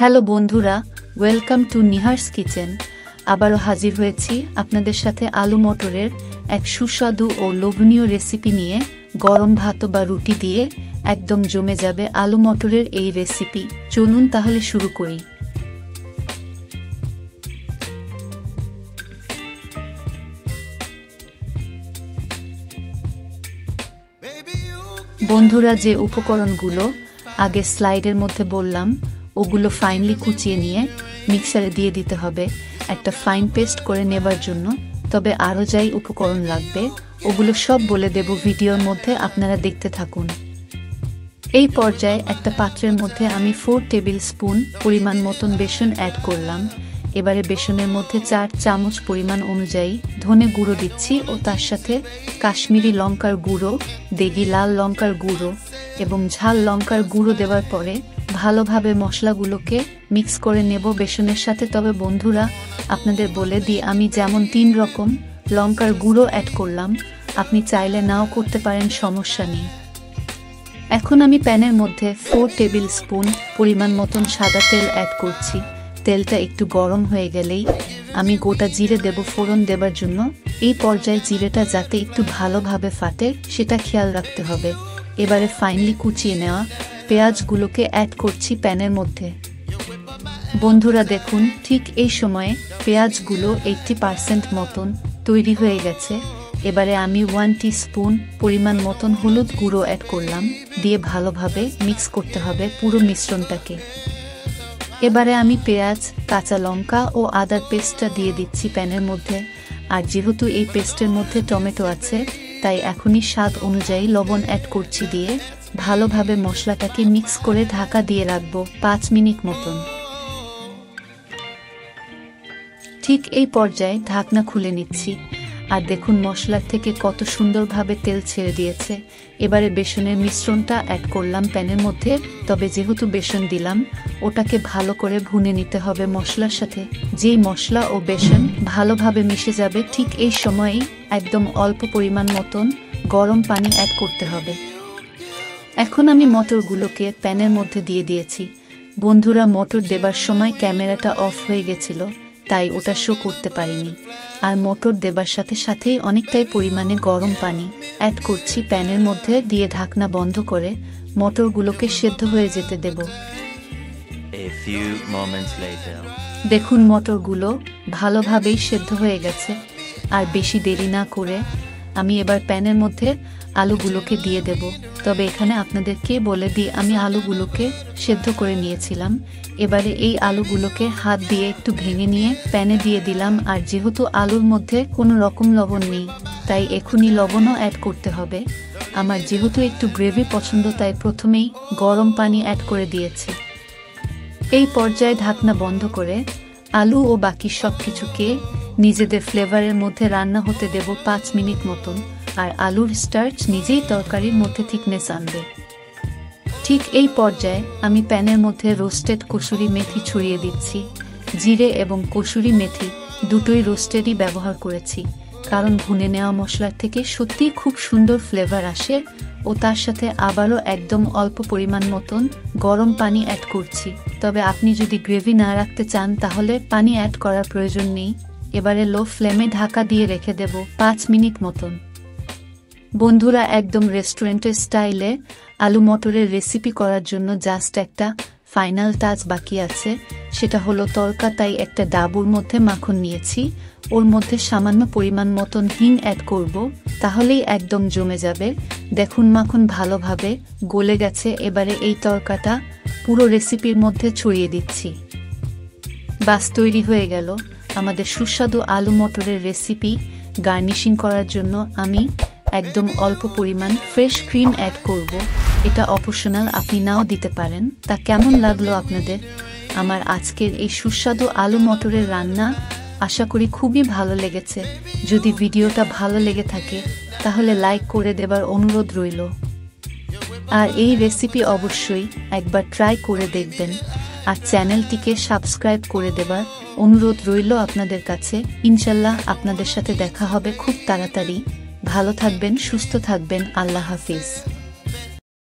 hello বন্ধুরা welcome to Nihar's kitchen আবারও হাজির হয়েছি আপনাদের সাথে আলু মটরের এক সুস্বাদু ও লোভনীয় রেসিপি নিয়ে গরম ভাত বা রুটি দিয়ে একদম জমে যাবে আলু মটরের এই রেসিপি চলুন তাহলে শুরু করি বন্ধুরা যে উপকরণগুলো আগে স্লাইডের মধ্যে বললাম ওগুলো ফাইনলি কুচিয়ে নিয়ে মিক্সারে দিয়ে দিতে হবে একটা ফাইন পেস্ট করে নেবার জন্য তবে আরও যাই উপকরণ লাগবে ওগুলো সব বলে দেব ভিডিওর মধ্যে আপনারা দেখতে থাকুন এই পর্যায়ে একটা পাত্রের মধ্যে আমি ফোর টেবিল স্পুন পরিমাণ মতন বেসন অ্যাড করলাম এবারে বেসনের মধ্যে চার চামচ পরিমাণ অনুযায়ী ধনে গুঁড়ো দিচ্ছি ও তার সাথে কাশ্মীরি লঙ্কার গুঁড়ো দেগি লাল লঙ্কার গুঁড়ো এবং ঝাল লঙ্কার গুঁড়ো দেওয়ার পরে ভালোভাবে মশলাগুলোকে মিক্স করে নেব বেসনের সাথে তবে বন্ধুরা আপনাদের বলে দিই আমি যেমন তিন রকম লঙ্কার গুঁড়ো অ্যাড করলাম আপনি চাইলে নাও করতে পারেন সমস্যা নেই এখন আমি প্যানের মধ্যে ফোর টেবিল স্পুন পরিমাণ মতন সাদা তেল অ্যাড করছি তেলটা একটু গরম হয়ে গেলেই আমি গোটা জিরে দেব ফোড়ন দেবার জন্য এই পর্যায়ে জিরেটা যাতে একটু ভালোভাবে ফাটে সেটা খেয়াল রাখতে হবে এবারে ফাইনলি কুচিয়ে নেওয়া পেঁয়াজগুলোকে অ্যাড করছি প্যানের মধ্যে বন্ধুরা দেখুন ঠিক এই সময়ে পেঁয়াজগুলো এইটটি পার্সেন্ট মতন তৈরি হয়ে গেছে এবারে আমি ওয়ান স্পুন পরিমাণ মতন হলুদ গুঁড়ো অ্যাড করলাম দিয়ে ভালোভাবে মিক্স করতে হবে পুরো মিশ্রণটাকে এবারে আমি পেঁয়াজ কাঁচা লঙ্কা ও আদার পেস্টটা দিয়ে দিচ্ছি প্যানের মধ্যে আর যেহেতু এই পেস্টের মধ্যে টমেটো আছে তাই এখনই স্বাদ অনুযায়ী লবণ অ্যাড করছি দিয়ে ভালোভাবে মশলাটাকে মিক্স করে ঢাকা দিয়ে রাখবো পাঁচ মিনিট মতন ঠিক এই পর্যায়ে ঢাকনা খুলে নিচ্ছি আর দেখুন মশলার থেকে কত সুন্দরভাবে তেল ছেড়ে দিয়েছে এবারে বেসনের মিশ্রণটা অ্যাড করলাম প্যানের মধ্যে তবে যেহেতু বেসন দিলাম ওটাকে ভালো করে ভুনে নিতে হবে মশলার সাথে যেই মশলা ও বেসন ভালোভাবে মিশে যাবে ঠিক এই সময়েই একদম অল্প পরিমাণ মতন গরম পানি অ্যাড করতে হবে এখন আমি মটরগুলোকে প্যানের মধ্যে দিয়ে দিয়েছি বন্ধুরা মটর দেবার সময় ক্যামেরাটা অফ হয়ে গেছিলো তাই ওটা শো করতে পারিনি আর মটর দেবার সাথে সাথেই অনেকটাই পরিমাণে গরম পানি অ্যাড করছি প্যানের মধ্যে দিয়ে ঢাকনা বন্ধ করে মটরগুলোকে সেদ্ধ হয়ে যেতে দেব দেখুন মটরগুলো ভালোভাবেই সেদ্ধ হয়ে গেছে আর বেশি দেরি না করে আমি এবার প্যানের মধ্যে আলুগুলোকে দিয়ে দেব তবে এখানে আপনাদেরকে বলে দিই আমি আলুগুলোকে সেদ্ধ করে নিয়েছিলাম এবারে এই আলুগুলোকে হাত দিয়ে একটু ভেঙে নিয়ে প্যানে দিয়ে দিলাম আর যেহেতু আলুর মধ্যে কোনো রকম লবণ নেই তাই এখনই লবণও অ্যাড করতে হবে আমার যেহেতু একটু গ্রেভি পছন্দ তাই প্রথমেই গরম পানি অ্যাড করে দিয়েছি এই পর্যায়ে ঢাকনা বন্ধ করে আলু ও বাকি সব কিছুকে নিজেদের ফ্লেভারের মধ্যে রান্না হতে দেব পাঁচ মিনিট মতন আর আলুর স্টার্চ নিজেই তরকারির মধ্যে থিকনেস আনবে ঠিক এই পর্যায়ে আমি প্যানের মধ্যে রোস্টেড কসুরি মেথি ছড়িয়ে দিচ্ছি জিরে এবং কসুরি মেথি দুটোই রোস্টেডই ব্যবহার করেছি কারণ ভুনে নেওয়া মশলার থেকে সত্যিই খুব সুন্দর ফ্লেভার আসে ও তার সাথে আবারও একদম অল্প পরিমাণ মতন গরম পানি অ্যাড করছি তবে আপনি যদি গ্রেভি না রাখতে চান তাহলে পানি অ্যাড করার প্রয়োজন নেই এবারে লো ফ্লেমে ঢাকা দিয়ে রেখে দেব পাঁচ মিনিট মতন বন্ধুরা একদম রেস্টুরেন্টের স্টাইলে আলু মটরের রেসিপি করার জন্য জাস্ট একটা ফাইনাল টাচ বাকি আছে সেটা হলো তরকা তাই একটা ডাবুর মধ্যে মাখন নিয়েছি ওর মধ্যে সামান্য পরিমাণ মতন হিং অ্যাড করব তাহলেই একদম জমে যাবে দেখুন মাখন ভালোভাবে গলে গেছে এবারে এই তরকাটা পুরো রেসিপির মধ্যে ছড়িয়ে দিচ্ছি বাস তৈরি হয়ে গেল আমাদের সুস্বাদু আলু মটরের রেসিপি গার্নিশিং করার জন্য আমি একদম অল্প পরিমাণ ফ্রেশ ক্রিম অ্যাড করব এটা অপশনাল আপনি নাও দিতে পারেন তা কেমন লাগলো আপনাদের আমার আজকের এই সুস্বাদু আলু মটরের রান্না আশা করি খুবই ভালো লেগেছে যদি ভিডিওটা ভালো লেগে থাকে তাহলে লাইক করে দেবার অনুরোধ রইল আর এই রেসিপি অবশ্যই একবার ট্রাই করে দেখবেন আর চ্যানেলটিকে সাবস্ক্রাইব করে দেবার অনুরোধ রইল আপনাদের কাছে ইনশাল্লাহ আপনাদের সাথে দেখা হবে খুব তাড়াতাড়ি ভালো থাকবেন সুস্থ থাকবেন আল্লাহ হাফিজ